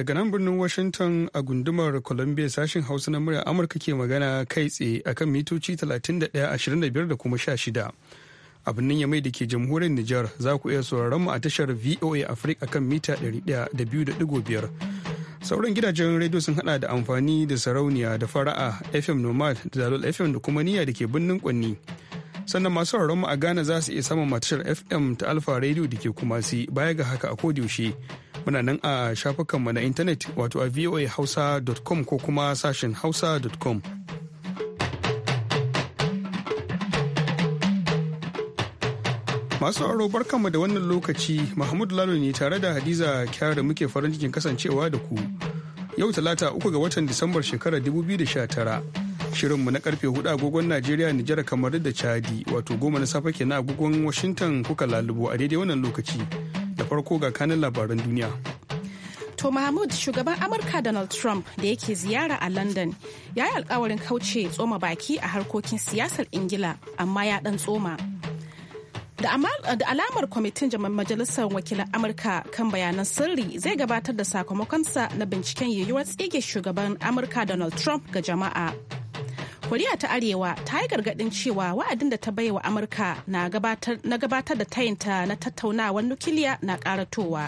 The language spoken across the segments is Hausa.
Daga nan birnin Washington a gundumar Columbia sashen Hausa na murya Amurka ke magana kai tsaye akan mitoci 31.25 da kuma 16. A birnin Yamai da ke jamhuriyar Nijar za ku iya sauraron mu a tashar VOA Africa akan mita 100.5. Sauran gidajen rediyo sun hada da amfani da sarauniya da fara'a FM Nomad da Dalol FM da kuma niyya da ke birnin Kwanni. sannan masu sauraron mu a Ghana za su iya samun matashar FM ta Alfa Radio da ke kumasi baya ga haka a kodiyaushe muna nan a shafukanmu na intanet wato a voahausa.com ko kuma sashen hausa.com masu aro barkanmu da wannan lokaci mahmud lalo ne tare da hadiza kyara muke farin cikin kasancewa da ku yau talata uku ga watan disambar shekarar 2019 shirinmu na karfe hudu agogon najeriya nijar kamar da chadi wato goma na safe kenan agogon washington kuka lalubo a daidai wannan lokaci farko ga kanin labaran duniya. To Mahmud shugaban Amurka Donald Trump da yake ziyara a London ya yi alkawarin kauce tsoma baki a harkokin siyasar Ingila amma ya dan tsoma. Da alamar kwamitin jaman majalisar wakilan Amurka kan bayanan sirri zai gabatar da sakamakonsa na binciken yiwuwar tsige shugaban Amurka Donald Trump ga jama'a. koriya ta arewa ta yi gargadin cewa wa'adin da ta baiwa amurka na gabatar da tayinta na tattaunawar nukiliya na karatowa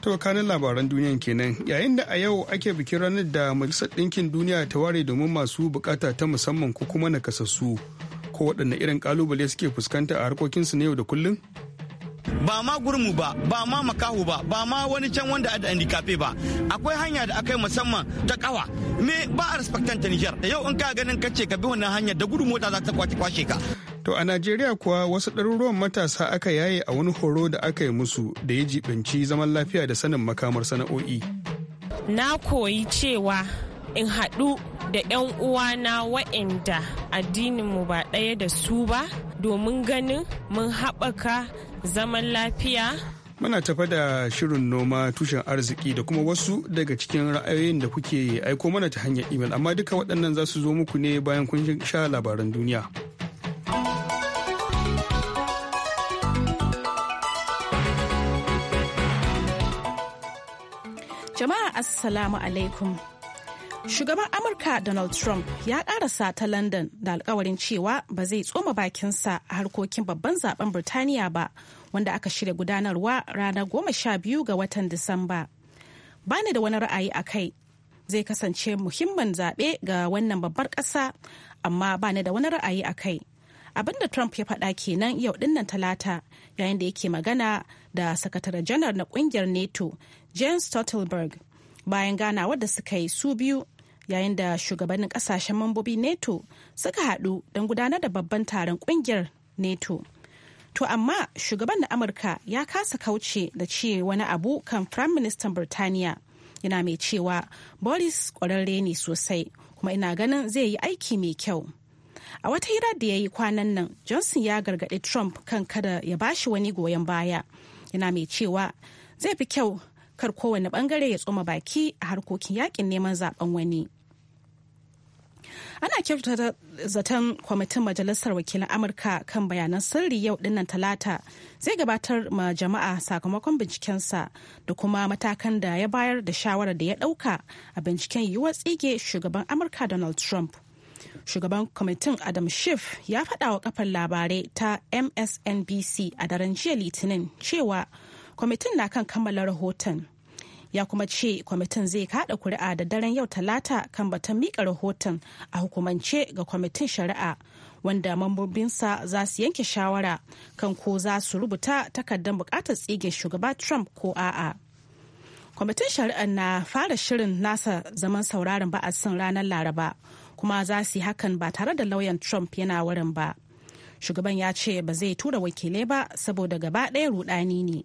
to kanin labaran duniyan kenan yayin da a yau ake bikin ranar da majalisar ɗinkin duniya ta ware domin masu bukata ta musamman ko kuma nakasassu ko waɗanne irin kalubale suke fuskanta a harkokinsu na yau da kullum ba ma gurmu ba ba ma makahu ba ba ma wani can wanda ada handicap ba akwai hanya da akai musamman ta kawa me ba a respectant Niger yau in ka ganin kace ka bi wannan hanya da gudu mota za ta kwace kwashe ka To a Najeriya kuwa wasu ɗaruruwan matasa aka yaye a wani horo da aka yi musu da ya jibinci zaman lafiya da sanin makamar sana'o'i. Na koyi cewa in haɗu da 'yan uwana wa'inda addininmu ba ɗaya da su ba domin ganin mun haɓaka zaman lafiya. Muna tafa da shirin noma tushen arziki da kuma wasu daga cikin ra'ayoyin da kuke aiko mana ta hanyar imel amma duka waɗannan za su zo muku ne bayan kun sha labaran duniya. Jama'a Assalamu alaikum. Shugaban Amurka Donald Trump ya sa ta London da alkawarin cewa ba zai tsoma bakinsa a harkokin babban zaben Birtaniya ba wanda aka shirya gudanarwa ranar goma sha biyu ga watan Disamba. Bani da wani ra'ayi a kai zai kasance muhimman zaɓe ga wannan babbar ƙasa amma bani da wani ra'ayi a kai. abin da Trump ya faɗa kenan yau dinnan talata yayin da yake magana da sakatare janar na ƙungiyar NATO Jens Stoltenberg bayan ganawar da suka yi su biyu yayin da shugabannin kasashen mambobi NATO suka haɗu don gudanar da babban taron ƙungiyar NATO. To amma shugaban na Amurka ya kasa kauce da ce wani abu kan Firayim Ministan Birtaniya yana mai cewa Boris ƙwararre ne sosai kuma ina ganin zai yi aiki mai kyau. A wata hira da ya yi kwanan nan, Johnson ya gargaɗi Trump kan kada ya ba shi wani goyon baya. Yana mai cewa zai fi kyau kar kowane bangare ya tsoma baki a harkokin yakin neman zaben wani. ana kyautata zaton kwamitin majalisar wakilan amurka kan bayanan sirri yau dinnan talata zai gabatar ma jama'a sakamakon bincikensa da kuma matakan da ya bayar da shawarar da ya ɗauka a binciken yiwuwar tsige shugaban amurka donald trump shugaban kwamitin adam schiff ya faɗa wa kafar labarai ta msnbc a daren jiya litinin cewa kwamitin na kan kammala rahoton ya kuma ce kwamitin zai kada kuri'a da daren yau talata kan batun mika rahoton a hukumance ga kwamitin shari'a wanda mambobinsa za su yanke shawara kan ko za su rubuta takardar bukatar tsigin shugaba trump ko a'a kwamitin shari'ar na fara shirin nasa zaman sauraron ba'asin ranar laraba kuma za su yi hakan ba tare da lauyan trump yana wurin ba shugaban ya ce ba zai tura wakilai ba saboda gaba ɗaya rudani ne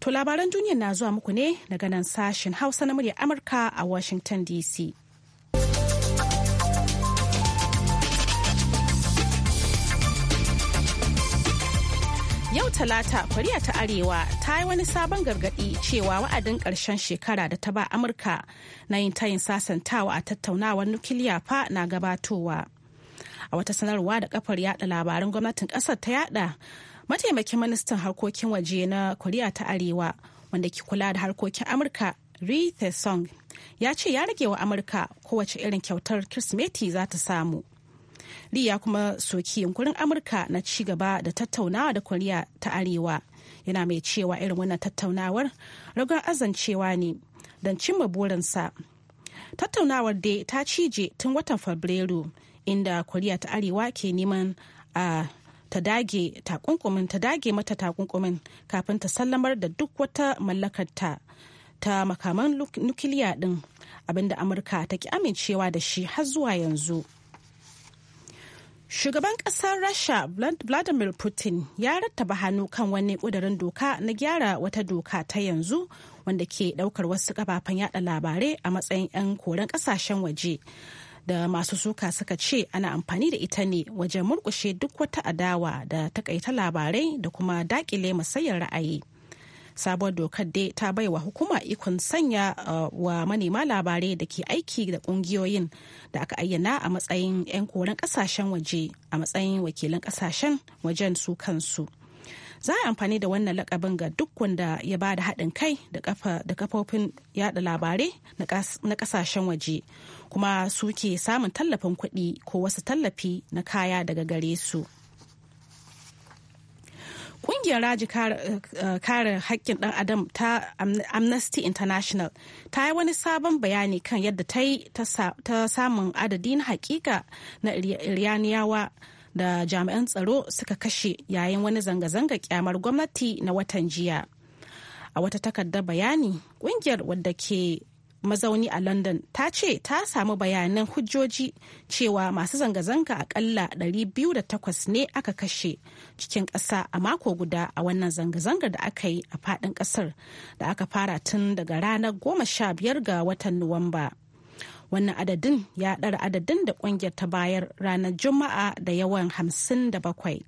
To labaran duniya na zuwa muku ne daga nan sashen Hausa na muryar Amurka a Washington DC. Yau Talata, Koriya ta Arewa ta yi wani sabon gargadi cewa wa'adin ƙarshen shekara da ta ba Amurka na yin tayin sasantawa a tattaunawar nukiliya fa na gabatowa. A wata sanarwa da kafar yada labaran gwamnatin ƙasar ta yada mataimakin ministan harkokin waje na koriya ta arewa wanda ke kula da harkokin amurka ri song ya ce ya rage wa amurka kowace irin kyautar kirsimeti za ta samu ri ya kuma soki yunkurin amurka na ci gaba da tattaunawa da koriya ta arewa yana mai cewa irin wannan tattaunawar ragon azancewa ne don cimma burinsa tattaunawar dai ta cije tun watan fabrairu inda koriya ta arewa ke neman a ta dage takunkumin ta dage mata takunkumin kafin ta sallamar da duk wata mallakarta ta makaman nukiliya din abinda amurka ta ki amincewa da shi har zuwa yanzu Shugaban kasar Rasha Vladimir Putin ya rattaba hannu kan wani kudarin doka na gyara wata doka ta yanzu wanda ke daukar wasu kafafen yada labarai a matsayin 'yan koren kasashen waje. da masu suka suka ce ana amfani da ita ne wajen murkushe duk wata adawa da takaita labarai da kuma dakile masayar ra'ayi sabuwar dokar dai ta bai wa hukuma ikon sanya uh, wa manema labarai da ke aiki da kungiyoyin da aka ayyana a matsayin 'yan koren kasashen waje a matsayin wakilan kasashen wajen su kansu za a amfani da wannan lakabin ga duk wanda ya ba da haɗin kai da kafofin yada labarai na ƙasashen waje kuma su ke samun tallafin kuɗi ko wasu tallafi na kaya daga gare su. kungiyar raji eh, kare haƙƙin ɗan adam ta amnesty international ta yi wani sabon bayani kan yadda ta yi ta samun adadin haƙiƙa na iriyaniyawa da jami'an tsaro suka kashe yayin wani zanga-zanga kyamar gwamnati na watan jiya a wata takardar bayani kungiyar wadda ke mazauni a london ta ce ta samu bayanan hujjoji cewa masu zanga-zanga akalla 208 ne aka kashe cikin ƙasa a mako guda a wannan zanga-zangar da aka yi a faɗin ƙasar da aka fara tun daga ranar 15 ga watan nuwamba. wannan adadin ya ɗara adadin da ƙungiyar ta bayar ranar juma'a da yawan hamsin da bakwai.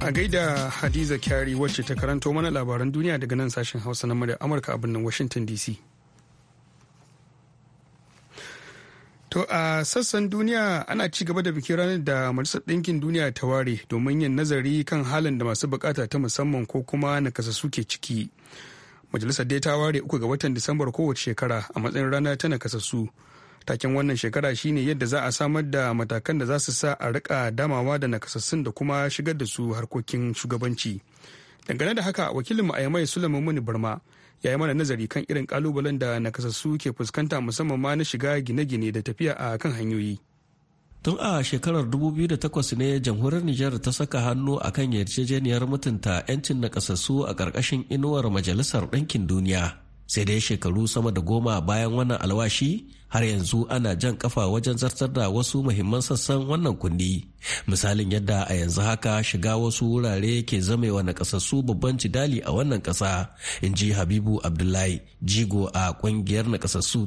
a gaida hadiza kyari wacce ta karanto mana labaran duniya daga nan sashen hausa na murya amurka a birnin washington dc To a sassan duniya ana ci gaba da bikin ranar da Majalisar Ɗinkin Duniya ta ware domin yin nazari kan halin da masu bukata ta musamman ko kuma nakasassu ke ciki. Majalisar dai ta ware uku ga watan Disambar kowace shekara a matsayin rana ta nakasassu. Takin wannan shekara shine yadda za a samar da matakan da za su sa a rika damawa da nakasassun da kuma shigar da su harkokin shugabanci. Dangane da haka wakilinmu a Yamai Sulaiman Muni Barma ya yi mana nazari kan irin kalubalen da nakasassu ke fuskanta musamman ma na shiga gine-gine da tafiya a kan hanyoyi. Tun a shekarar 2008 ne jamhuriyar Nijar ta saka hannu a kan yarjejeniyar mutunta 'yancin nakasassu a ƙarƙashin inuwar Majalisar Ɗinkin Duniya. Sai dai shekaru sama da goma bayan wannan alwashi har yanzu ana jan kafa wajen zartar da wasu muhimman sassan wannan kundi misalin yadda a yanzu haka shiga wasu wurare ke zamewa na kasassu babban cidali a wannan kasa in ji habibu abdullahi jigo a kungiyar na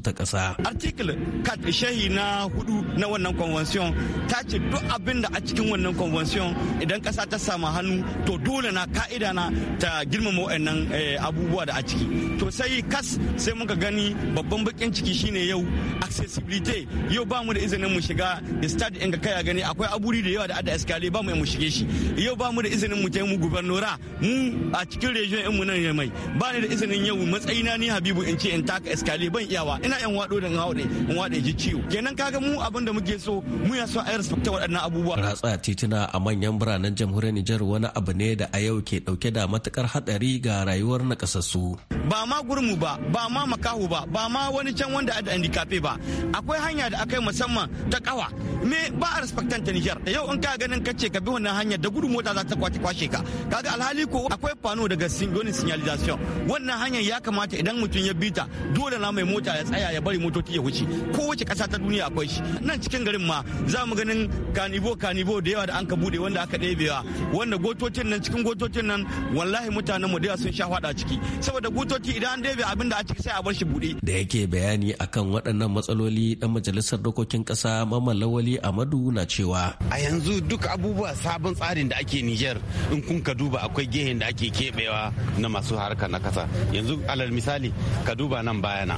ta kasa article kat shahi na hudu na wannan convention ta ce duk abin da a cikin wannan convention idan kasa ta samu hannu to dole na ka'ida na ta girmama wa'annan eh, abubuwa da a ciki to sai kas sai muka gani babban bakin ciki shine yau accessibility yau ba mu da izinin mu shiga stade inda kaya gani akwai aburi da yawa da ada escalier ba mu mu shige shi yau ba mu da izinin mu mu gubernora mu a cikin region in mu nan mai ba ni da izinin yau matsayina ni Habibu in ce in taka escalier ban iyawa ina yan wado da ne in waɗe ji ciwo kenan kaga mu abin da muke so mu ya so a respect waɗannan abubuwa ratsa tituna a manyan biranen jamhuriyar Nijar wani abu ne da a yau ke dauke da matukar hadari ga rayuwar nakasassu ba ma gurmu ba ba ma makahu ba ba ma wani can wanda ada indicate ba akwai hanya da aka yi musamman ta kawa me ba a respectan ta Niger yau in ka ganin kace ka bi wannan hanyar da gudu mota za ta kwace kwashe ka kaga alhali ko akwai fano daga singoni signalization wannan hanya ya kamata idan mutum ya bita dole na mai mota ya tsaya ya bari motoci ya wuce wace kasa ta duniya akwai shi nan cikin garin ma za mu ganin kanibo kanibo da yawa da an ka bude wanda aka ɗebewa wanda gotocin nan cikin gotocin nan wallahi mutanen mu da sun sha fada ciki saboda gotoci idan an ɗebe abin da a ciki sai a bar shi bude da yake bayani akan waɗannan matsaloli dan majalisar dokokin kasa Mamman Lawali Amadu na cewa a yanzu duk abubuwa sabon tsarin da ake Niger in kun ka duba akwai gehen da ake kebewa na masu harka na kasa yanzu alal misali ka duba nan bayana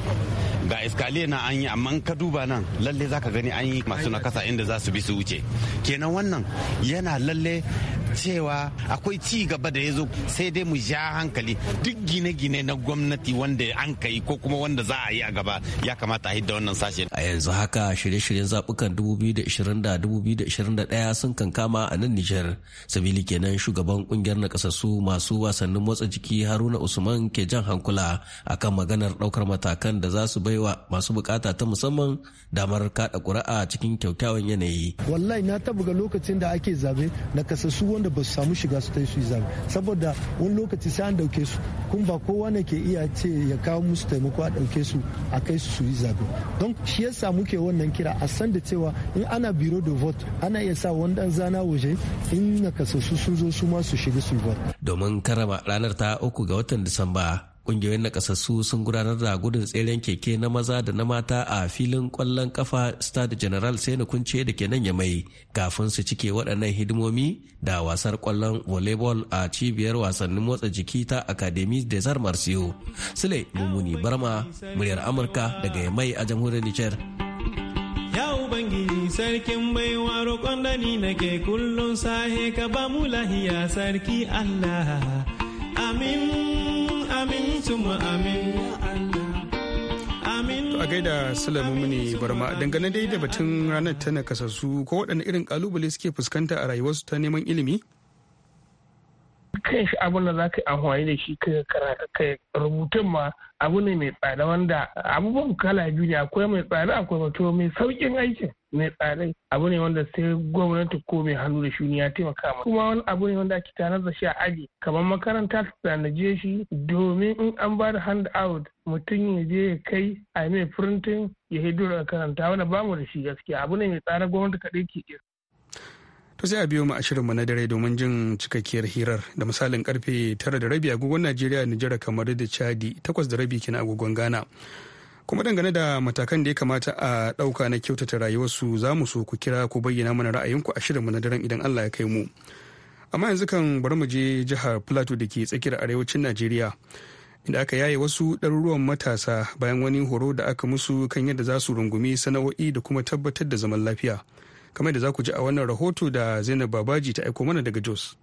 ga iskaliya na an yi amma ka duba nan lalle zaka gani an yi masu na kasa inda za su bi su wuce kenan wannan yana lalle cewa akwai ci gaba da ya zo sai dai mu ja hankali duk gine-gine na gwamnati wanda an kai ko kuma wanda za a yi a gaba ya kamata a hidda wannan sashe. A yanzu haka shirye-shiryen zabukan 2020 da 2021 sun kankama a nan Nijar. Sabili kenan shugaban kungiyar na kasassu masu wasannin motsa jiki Haruna Usman ke jan hankula akan maganar daukar matakan da za su baiwa masu bukata ta musamman damar kada ƙuri'a cikin kyaukyawan yanayi. Wallahi na tabuga lokacin da ake zabe na kasassu wanda ba su samu shiga su tai su zabe saboda wani lokaci sai an dauke su kun ba kowa ne ke iya ce ya kawo musu taimako a dauke su a kai su su yi zabe don shi yasa muke wannan kira a san da cewa in ana biro da vote ana iya sa wani dan zana waje in na nakasassu sun zo su ma su shiga su yi vote domin karama ranar ta uku ga watan disamba Ƙungiyoyin nakasassu sun gudanar da gudun tseren keke na maza da na mata a filin kwallon kafa Stade General na Kunce da ke nan ya mai kafin su cike waɗannan hidimomi da wasar kwallon volleyball a cibiyar wasannin motsa jiki ta Academy des Arts Martiaux. Sule Mumuni Barma, muryar Amurka daga ya mai a jamhuriyar Nijar. Ubangiji sarkin baiwa roƙon dani nake kullum sahe ka ba mu lahiya sarki Allah. Amin. amin a gaida salamu ne barma dangane dai da batun ranar ta nakasassu ko waɗanne irin kalubale suke fuskanta a rayuwarsu ta neman ilimi? kai shi abin da za ka yi amfani da shi ka karata kai rubutun ma abu ne mai tsada wanda abubuwan kala biyu ne akwai mai tsada akwai mai saukin aikin ne tsarin abu ne wanda sai gwamnati ko mai hannu da shuni ya taimaka mu kuma wani abu ne wanda ake tanar da shi a aji kamar makaranta ta tanaje shi domin in an ba da hand out mutum ya je ya kai a mai printing ya hido da karanta wanda bamu da shi gaskiya abu ne mai tsara gwamnati kaɗai ke iya. To sai a biyo mu a shirinmu na dare domin jin cikakkiyar hirar da misalin karfe tara da rabi agogon Najeriya Nijar kamar da Chadi takwas da rabi kina agogon Ghana. kuma dangane da matakan da ya kamata a ɗauka na kyautata rayuwarsu za mu so ku kira ku bayyana mana ra'ayinku a shirinmu na daren idan Allah ya kai mu amma yanzu kan bari mu je jihar plateau da ke tsakiyar arewacin najeriya inda aka yaye wasu ɗaruruwan matasa bayan wani horo da aka musu kan yadda za su rungumi sana'o'i da kuma tabbatar da zaman lafiya kamar da za ku ji a wannan rahoto da zainab babaji ta aiko mana daga jos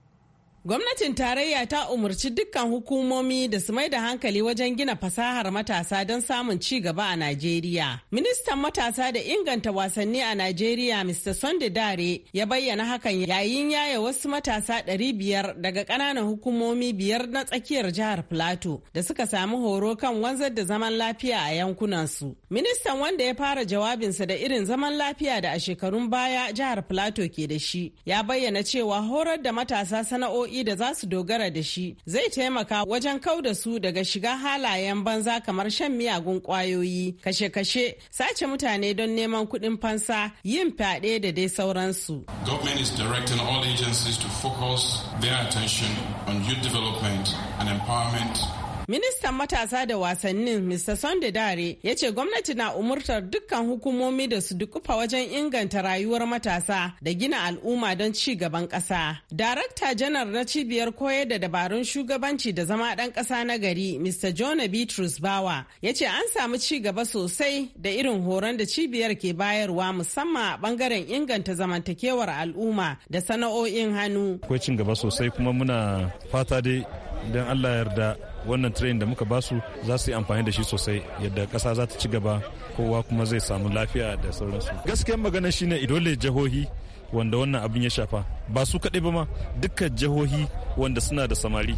Gwamnatin tarayya ta umarci dukkan hukumomi da su mai da hankali wajen gina fasahar matasa don samun ci gaba a Najeriya. Ministan matasa da inganta wasanni a Najeriya Mr. Sunday Dare ya bayyana hakan yayin yaya wasu matasa ɗari biyar daga ƙananan hukumomi biyar na tsakiyar jihar Plateau da suka samu horo kan wanzar da zaman lafiya a yankunansu. Ministan wanda ya fara jawabinsa da irin zaman lafiya da a shekarun baya jihar Plateau ke da shi ya bayyana cewa horar da matasa sana'o'i sana'o'i da za su dogara da shi zai taimaka wajen kau da su daga shiga halayen banza kamar shan miyagun kwayoyi kashe-kashe sace mutane don neman kuɗin fansa yin fyaɗe da dai sauransu. Government is to focus attention on development and empowerment Ministan matasa da wasannin Mr. Sunday Dare ya ce gwamnati na umurtar dukkan hukumomi da su dukufa wajen inganta rayuwar matasa da gina al'umma don ci gaban ƙasa. Darakta janar na cibiyar koyar da dabarun shugabanci da zama ɗan ƙasa na gari Mr. Jonah Bitrus Bawa ya ce an samu ci gaba sosai da irin horon da cibiyar ke bayarwa musamman a ɓangaren inganta zamantakewar al'umma da sana'o'in hannu. Akwai ci gaba sosai kuma muna fata dai don Allah yarda wannan train da muka basu za su yi amfani da shi sosai yadda ƙasa za ta ci gaba kowa kuma zai samu lafiya da sauransu gaskiyar magana shine dole jihohi wanda wannan abin ya shafa ba su kaɗai ba ma duka jihohi wanda suna da samari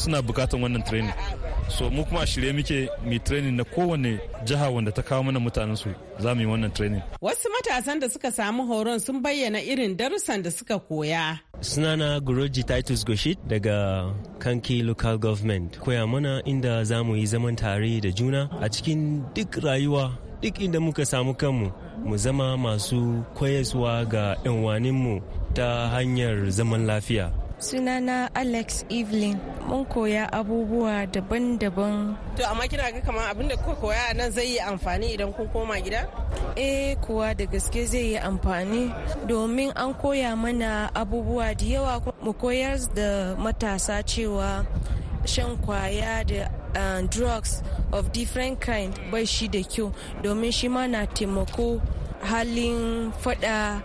suna bukatan wannan training so mu kuma shirye muke mu training na kowane jiha wanda ta kawo mana mutanen su za mu yi wannan training wasu matasan da suka samu horon sun bayyana irin darussan da suka koya suna na guruji titus goshit daga kanki local government koya mana inda za mu yi zaman tare da juna a cikin duk rayuwa duk inda muka samu kanmu mu zama masu koyaswa ga 'yan waninmu ta hanyar zaman lafiya sunana alex evelyn mun koya abubuwa daban-daban to amma kina ga kamar abinda kuka koya nan zai yi amfani idan kun koma gida eh kuwa da gaske zai yi amfani domin an koya mana abubuwa da yawa mu koyar da matasa cewa shan kwaya da drugs of different kind bai shi da kyau domin shi ma na taimako halin fada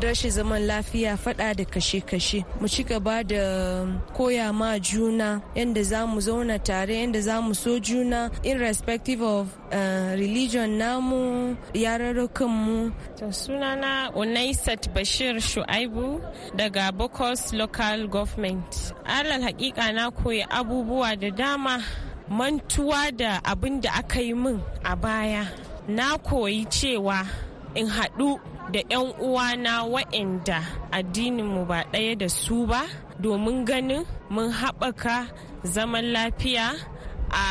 rashin zaman lafiya fada da kashe-kashe mu ci gaba da koya ma juna yadda za mu zauna tare yadda za mu so juna irrespective of uh, religion namu yararrukanmu sunana unaisat bashir shu'aibu daga bokos local government alal hakika na koyi abubuwa da dama mantuwa da abin da aka yi min a baya na koyi cewa in haɗu da 'yan uwana wa'anda addininmu ba ɗaya da su ba domin ganin mun haɓaka zaman lafiya a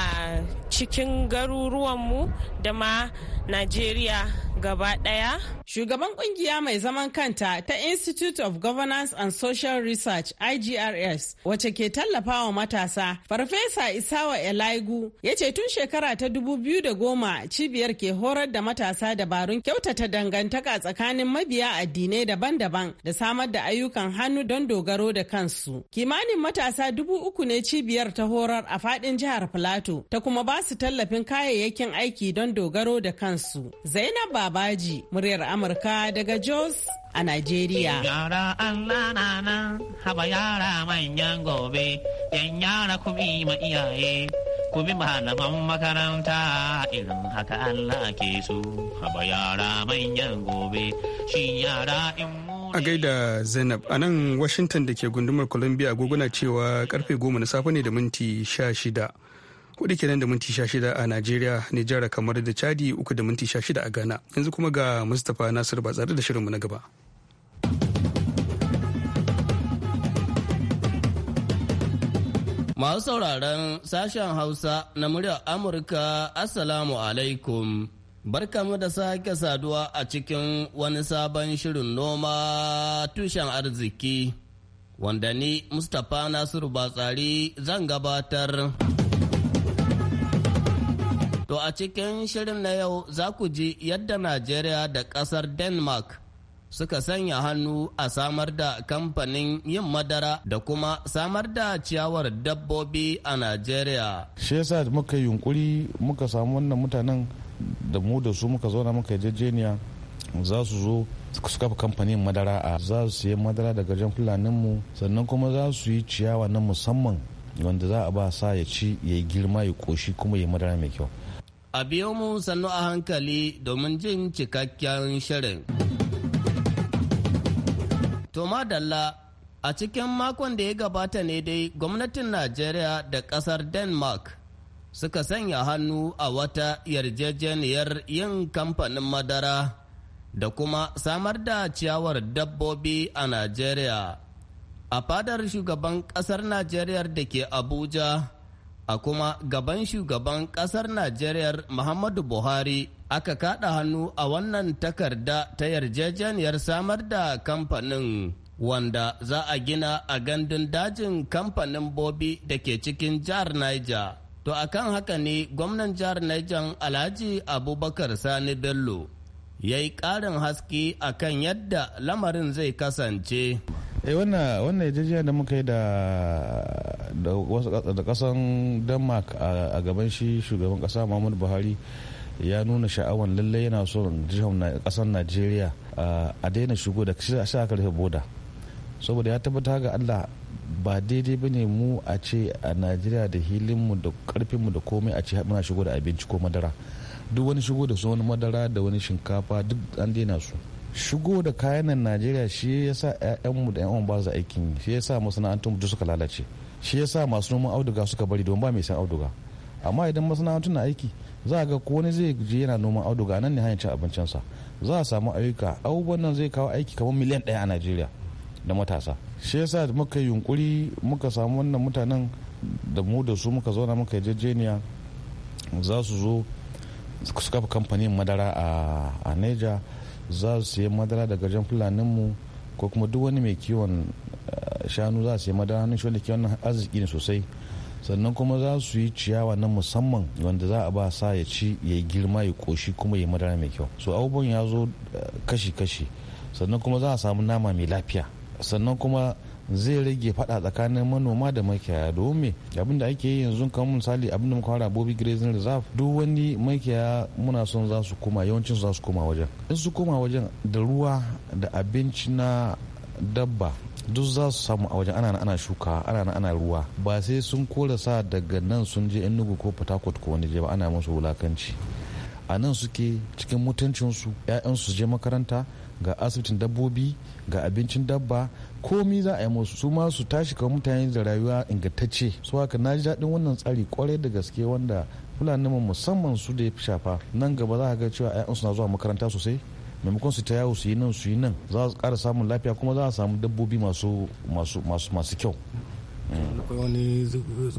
cikin garuruwanmu da ma najeriya gaba ɗaya? Shugaban ƙungiya mai zaman kanta ta Institute of Governance and Social Research IGRS wace ke tallafawa matasa Farfesa Isawa Elaigu ya ce tun shekara ta 2010 cibiyar ke horar da matasa dabarun kyautata dangantaka tsakanin mabiya addinai daban-daban da samar da ayyukan hannu don dogaro da kansu. Kimanin matasa dubu uku ne cibiyar ta horar a faɗin jihar Filato ta kuma ba su tallafin kayayyakin aiki don dogaro da kansu. Zainab Babaji, muryar Amurka daga Jos a Najeriya. Yara Allah na nan haba yara manyan gobe, yan yara ma iyaye, kubi malaman makaranta irin haka Allah ke so, haba yara manyan gobe, shi yara in a gaida zainab a nan washington da ke gundumar columbia agogona cewa karfe goma na safe ne da minti shida kuɗi kenan da minti shida a Najeriya, Nijar kamar da Chadi uku da minti shida a Ghana. Yanzu kuma ga Mustapha Nasir ba tsare da shirinmu na gaba. Masu sauraron sashen Hausa na muryar Amurka, Assalamu alaikum. Barkamu da sake saduwa a cikin wani sabon shirin noma tushen arziki, wanda ni Mustapha Nasiru Batsari zan gabatar. To a cikin shirin na yau za ku ji yadda Najeriya da ƙasar Denmark suka sanya hannu a samar da kamfanin yin madara da kuma samar da ciyawar dabbobi a Najeriya. Shi yasa muka yunkuri muka samu wannan mutanen da mu da su muka zauna muka yarjejeniya za su zo su kafa kamfanin madara a za su yi madara daga jan fulaninmu sannan kuma za su yi ciyawa na musamman wanda za a ba sa ya ci ya yi girma ya koshi kuma ya madara mai kyau A biyo mu sannu a hankali domin jin cikakken shirin. Toma Dalla a cikin makon da ya gabata ne dai gwamnatin Najeriya da ƙasar Denmark suka sanya hannu a wata yarjejeniyar yin kamfanin madara da kuma samar da ciyawar dabbobi a Najeriya. A fadar shugaban ƙasar Najeriya da ke Abuja. a kuma gaban shugaban ƙasar Najeriya Muhammadu Buhari aka kaɗa hannu a wannan takarda ta yarjejeniyar samar da kamfanin wanda za a gina a gandun dajin kamfanin bobi da ke cikin jihar Niger. To a kan haka ne gwamnan jihar Niger Alhaji Abubakar Sani Bello ya yi ƙarin haske a kan yadda lamarin zai kasance. eh wannan wannan yarjejeniya da muka yi da da wasu da kasan denmark a gaban shi shugaban kasa muhammadu buhari ya nuna sha'awar lallai yana so jihar kasan najeriya a daina shigo da shi a rufe boda saboda ya tabbata ga allah ba daidai ba ne mu a ce a najeriya da hilinmu da karfinmu da komai a ce muna shigo da abinci ko madara duk wani shigo da su wani madara da wani shinkafa duk an daina su shigo da kayan nan najeriya shi ya sa 'ya'yanmu da 'yan ba su aikin shi ya sa masana'antun duk suka lalace shi ya sa masu noman auduga suka bari don ba mai san auduga amma idan masana'antun na aiki za a ga ko wani zai je yana noman auduga nan ne hanyar cin abincinsa za a samu ayyuka abubuwan nan zai kawo aiki kamar miliyan ɗaya a najeriya da matasa shi ya sa muka yunkuri muka samu wannan mutanen da mu da su muka zauna muka yarjejeniya za su zo su kafa kamfanin madara a Niger. za su yi madara daga jan fulaninmu ko kuma duk wani mai kiwon eh, shanu za su yi madara hannun shi kiwon arziki ne sosai sannan kuma za su yi ciyawa na musamman wanda za a ba sa ya ci ya yi girma ya koshi kuma ya madara mai kyau so abubuwan ya zo eh, kashi-kashi sannan kuma za a samu nama mai lafiya sannan kuma zai rage fada tsakanin manoma da makiyaya domin me abin da ake yi yanzu kan misali abin da muka fara bobi grazing reserve duk wani makiyaya muna son za su koma yawancin za su koma wajen in su koma wajen da ruwa da abinci na dabba duk za su samu a wajen ana ana shuka ana ana ruwa ba sai sun kora sa daga nan sun je enugu ko port ko wani je ba ana musu wulakanci a nan suke cikin mutuncinsu 'ya'yansu je makaranta ga asibitin dabbobi ga abincin dabba komi za a yi musu su ma su tashi kamar mutane da rayuwa ingantacce su haka na ji daɗin wannan tsari kwarai da gaske wanda fulani musamman su da ya fi shafa nan gaba za a ga cewa 'ya'yansu na zuwa makaranta sosai maimakon su ta yawo su yi nan su yi nan za su kara samun lafiya kuma za a samu dabbobi masu kyau Mm. akwai wani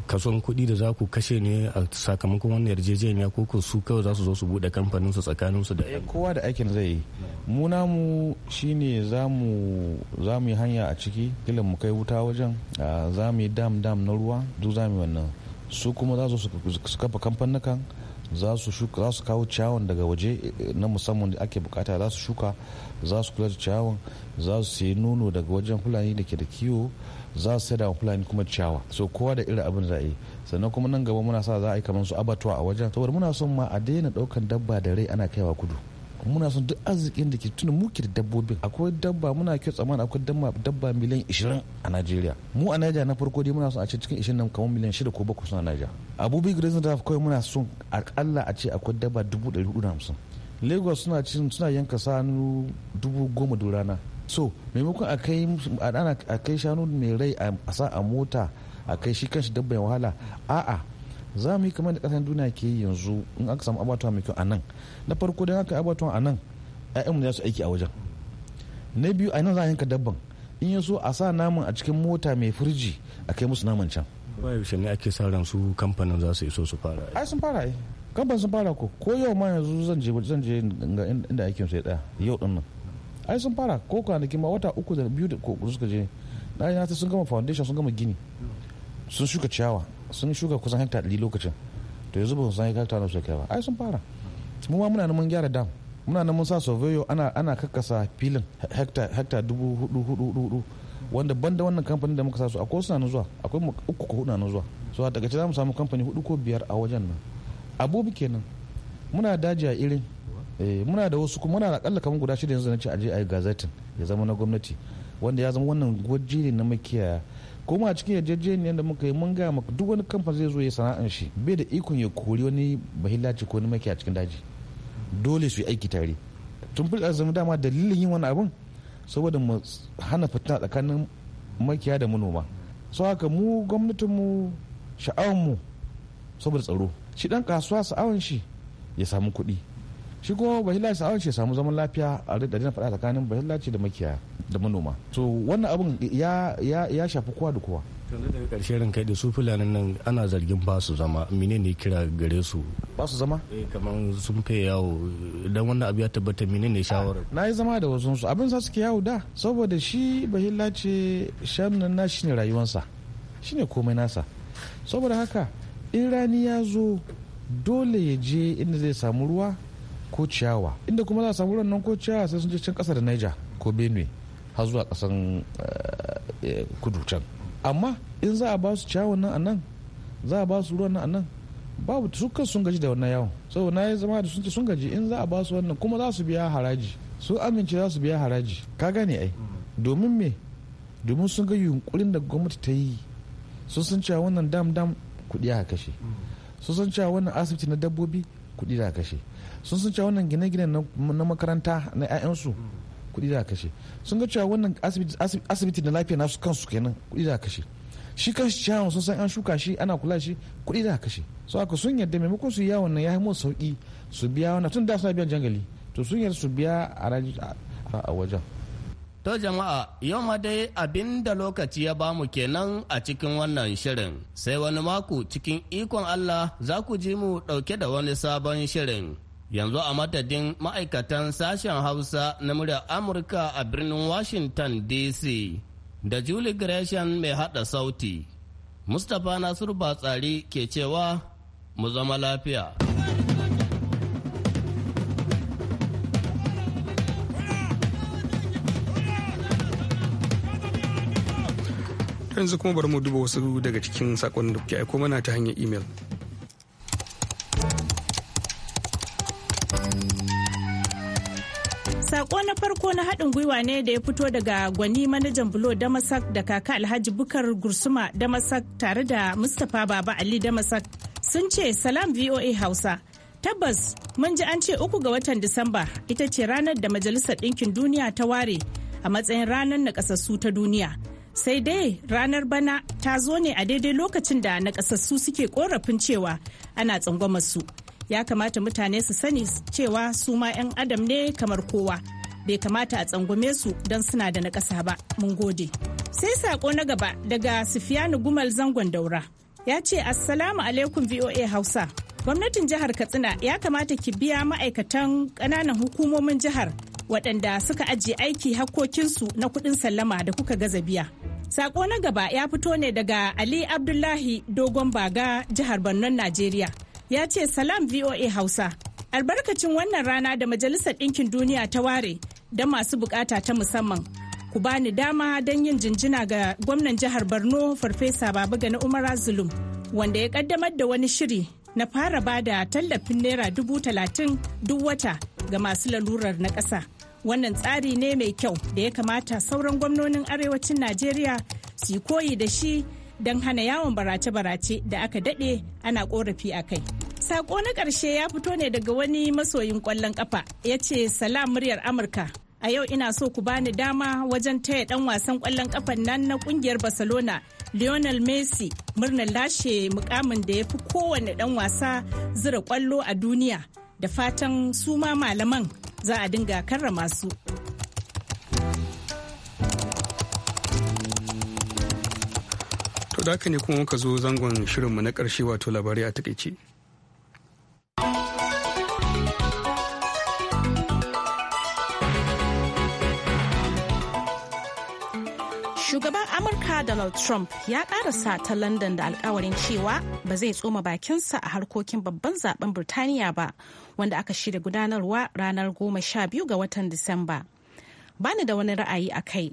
kason kuɗi da za ku kashe ne a sakamakon wannan yarjejeniya ko ku su kawai za su zo su buɗe kamfanin su tsakanin su da eh, kowa da aikin zai yi mu namu shine za mu yi hanya a ciki kila mu kai wuta wajen za mu yi dam dam na ruwa duk za mu yi wannan su kuma za su kafa kamfanin za su shuka za su kawo ciyawan daga waje eh, na musamman da ake bukata za su shuka za su kula da ciyawan za su sayi nono daga wajen fulani da ke da kiwo za su saida fulani kuma ciyawa so kowa da irin abin za a yi sannan kuma nan gaba muna sa za a yi kamar su abatuwa a wajen saboda muna son ma a daina daukan dabba da rai ana kaiwa kudu muna son duk arzikin da ke tuna muke da dabbobin akwai dabba muna kyau tsammanin akwai dabba dabba miliyan 20 a Najeriya mu a Najeriya na farko dai muna son a ce cikin 20 nan kamar miliyan 6 ko 7 suna Najeriya Abubuwa Grazing Draft kawai muna son akalla a ce akwai dabba 450 Lagos suna cin suna yanka sanu dubu goma da rana so maimakon a kai a kai shanu mai rai a sa a mota a kai shi kanshi dabba ya wahala a'a za mu yi kamar da kasan duniya ke yanzu in aka samu abatuwa mai kyau a nan na farko da aka abatuwa a nan mu za su aiki a wajen na biyu a nan za a yanka dabban in ya so a sa naman a cikin mota mai firji a kai musu naman can ba yaushe ne ake sa ran su kamfanin za su iso su fara ai sun fara ai kamfan sun fara ko ko yau ma yanzu zan je zan je inda aikin su ya yau din nan ai sun fara ko kwanaki ma wata uku da biyu da ko suka je na sun gama foundation sun gama gini sun shuka ciyawa sun shuka kusan hekta ɗari lokacin to yanzu ba san hekta na shekai ba ai sun fara mu ma muna mun gyara dam muna neman mun sa surveyor ana ana kakkasa filin hekta hekta dubu hudu hudu hudu wanda banda wannan kamfanin da muka sa su akwai suna nan zuwa akwai uku ko huɗu na zuwa so a takaice za mu samu kamfani hudu ko biyar a wajen nan abubu kenan muna daji a irin eh, muna da wasu kuma muna da akalla kamar guda shida yanzu na ce aje a yi gazetin ya zama na gwamnati wanda ya zama wannan gwajiri ne na makiyaya koma a cikin yarjejeniyar da muka yi mun gaya maka duk wani kamfan zai zo ya sana'an shi bai da ikon ya kori wani bahillaci ko wani maki a cikin daji dole su yi aiki tare tun fi azumi dama dalilin yin wani abin saboda mu hana fitina tsakanin makiya da manoma so haka mu gwamnatinmu mu saboda tsaro shi dan kasuwa sha'awun shi ya samu kuɗi shi kuma bahila sa'awar ce samu zaman lafiya a da dina faɗa tsakanin bahila ce da makiyaya da manoma to wannan abin ya shafi kowa da kowa kan daga karshe ran kai da su fulanin nan ana zargin ba su zama menene kira gare su ba su zama eh kaman sun fe yawo idan wannan abu ya tabbata menene shawara na yi zama da wasu su abin sa suke yawo da saboda shi bahilla ce shannan na shine rayuwansa shine komai nasa saboda haka in rani ya zo dole ya je inda zai samu ruwa ko ciyawa inda kuma za a samu nan ko ciyawa sai sun je can ƙasa da niger ko benue har zuwa ƙasan eh, eh, kudu can amma in za a ba su ciyawa nan a nan za a ba su ruwan nan a nan babu su kan sun gaji da wannan yawon saboda na yi zama da sun ce sun gaji in za a ba su wannan kuma za su biya haraji su amince za su biya haraji ka gane ai domin me domin sun ga yunkurin da gwamnati ta yi sun san cewa wannan dam dam kuɗi a kashe sun san cewa wannan asibiti na dabbobi kuɗi da kashe sun sun cewa wannan gine-gine na makaranta na 'ya'yansu mm. kuɗi za kashe sun ga cewa wannan asibiti da lafiya nasu kansu kenan kuɗi za a kashe shi kan ciyawan sun san an shuka shi ana kula shi kuɗi za a kashe so haka sun yarda maimakon su yi yawon nan ya yi sauki su biya wani tun da suna biyan jangali to sun yarda su biya a wajen To jama'a yau ma dai abin da lokaci ya bamu kenan a cikin wannan shirin sai wani mako cikin ikon Allah za ku ji mu ɗauke da wani sabon shirin. yanzu a matadin ma'aikatan sashen hausa na muryar amurka a birnin washington dc da julie gresham mai hada sauti mustapha nasiru batsari ke cewa mu zama lafiya yanzu kuma bari mu duba wasu daga cikin sakonnin da kuke aiko mana ta hanyar imel. Sako na farko na haɗin gwiwa ne da ya fito daga gwani manajan bulo Damasak da kaka Alhaji Bukar Gursuma Damasak tare da Mustapha Baba Ali Damasak sun ce salam VOA Hausa. Tabbas mun ji an ce uku ga watan Disamba ita ce ranar da Majalisar Ɗinkin Duniya ta ware a matsayin ranar nakasassu ta duniya. Sai dai ranar bana ta zo ne a daidai lokacin da nakasassu suke korafin cewa ana tsangwamar su. ya kamata mutane su sani cewa su ma 'yan adam ne kamar kowa bai kamata a tsangwame su don suna da na ƙasa ba mun gode sai saƙo na gaba daga sufiyanu gumal zangon daura ya ce assalamu alaikum voa hausa gwamnatin jihar katsina ya kamata ki biya ma'aikatan ƙananan hukumomin jihar waɗanda suka ajiye aiki hakkokinsu na kuɗin sallama da kuka gaza biya. Saƙo na gaba ya fito ne daga Ali Abdullahi Dogon Baga jihar Bannon Najeriya. ya ce salam VOA Hausa. Albarkacin wannan rana da Majalisar Ɗinkin Duniya ta ware don masu bukata ta musamman. Ku bani dama don yin jinjina ga gwamnan jihar Borno Farfesa babu Gani Umara Zulum wanda ya kaddamar da wani shiri na fara ba da tallafin naira dubu talatin duk wata ga masu lalurar na ƙasa. Wannan tsari ne mai kyau da ya kamata sauran gwamnonin arewacin Najeriya su yi koyi da shi don hana yawon barace-barace da aka daɗe ana ƙorafi a kai. Sako na karshe ya fito ne daga wani masoyin kwallon kafa ya ce salam muryar Amurka. A yau ina so ku bani dama wajen taya dan wasan kwallon ƙafan nan na ƙungiyar Barcelona Lionel Messi murnar lashe mukamin da ya fi kowane dan wasa zira kwallo a duniya da fatan su ma malaman za a dinga karrama su. To da ne kuma ka zo zangon shirinmu na ƙarshe wato labarai a takaice. Shugaban Amurka Donald Trump ya ƙarasa ta London da alkawarin cewa ba zai tsoma bakinsa a harkokin babban zaben Birtaniya ba, wanda aka shirya gudanarwa ranar goma sha biyu ga watan Disamba. Bani da wani ra'ayi a kai,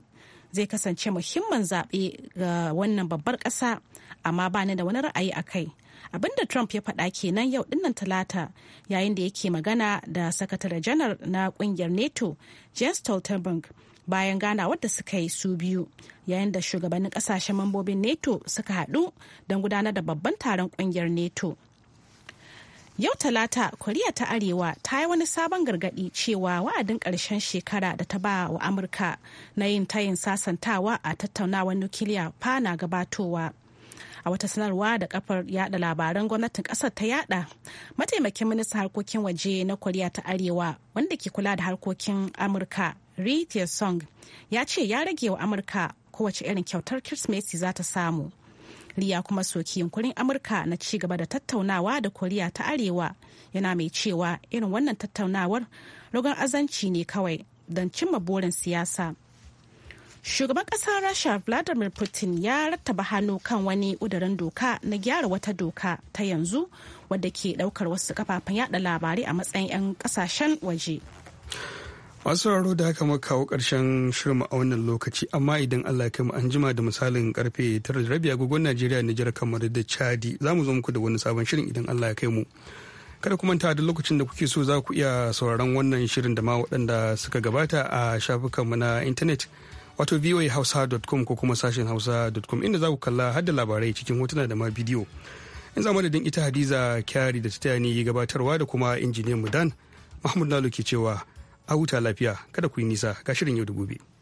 zai kasance muhimman zaɓe ga wannan babbar ƙasa, amma bani da wani ra'ayi a kai. abinda trump ya faɗa kenan yau dinnan talata yayin da yake magana da sakatare janar na kungiyar nato jens stoltenberg bayan gana da suka yi su biyu yayin da shugabannin kasashen mambobin neto suka haɗu don gudanar da babban taron ƙungiyar neto yau talata koriya ta arewa ta yi wani sabon gargadi cewa wa'adin ƙarshen shekara da ta ba wa amurka na yin tayin sasantawa a tattaunawar nukiliya fana gabatowa a wata sanarwa da kafar yada labaran gwamnatin kasar ta yada mataimakin ministan harkokin waje na koriya ta arewa wanda ke kula da harkokin amurka ri song ya ce ya rage wa amurka kowace irin kyautar kirsimeti za ta samu riya kuma soki yunkurin amurka na ci gaba da tattaunawa da koriya ta arewa yana mai cewa irin wannan tattaunawar rugan azanci ne kawai don cimma burin siyasa shugaban ƙasar rasha vladimir putin ya rattaba hannu kan wani ƙudurin doka na gyara wata doka ta yanzu wadda ke ɗaukar wasu kafafen yada labarai a matsayin 'yan kasashen waje masu sauraro da haka muka kawo ƙarshen shirin a wannan lokaci amma idan Allah ya mu an jima da misalin karfe tara da rabi agogon Najeriya Nijar kamar da Chadi za mu zo muku da wani sabon shirin idan Allah ya kai mu kada kuma ta da lokacin da kuke so za ku iya sauraron wannan shirin da ma waɗanda suka gabata a shafukanmu na intanet wato voahausa.com ko kuma sashen hausa.com inda za ku kalla hadda labarai cikin hotuna da ma bidiyo in za madadin ita hadiza kyari da ta ni gabatarwa da kuma injiniyan mu dan mahmud lalo ke cewa a huta lafiya kada ku yi nisa ga shirin yau da gobe.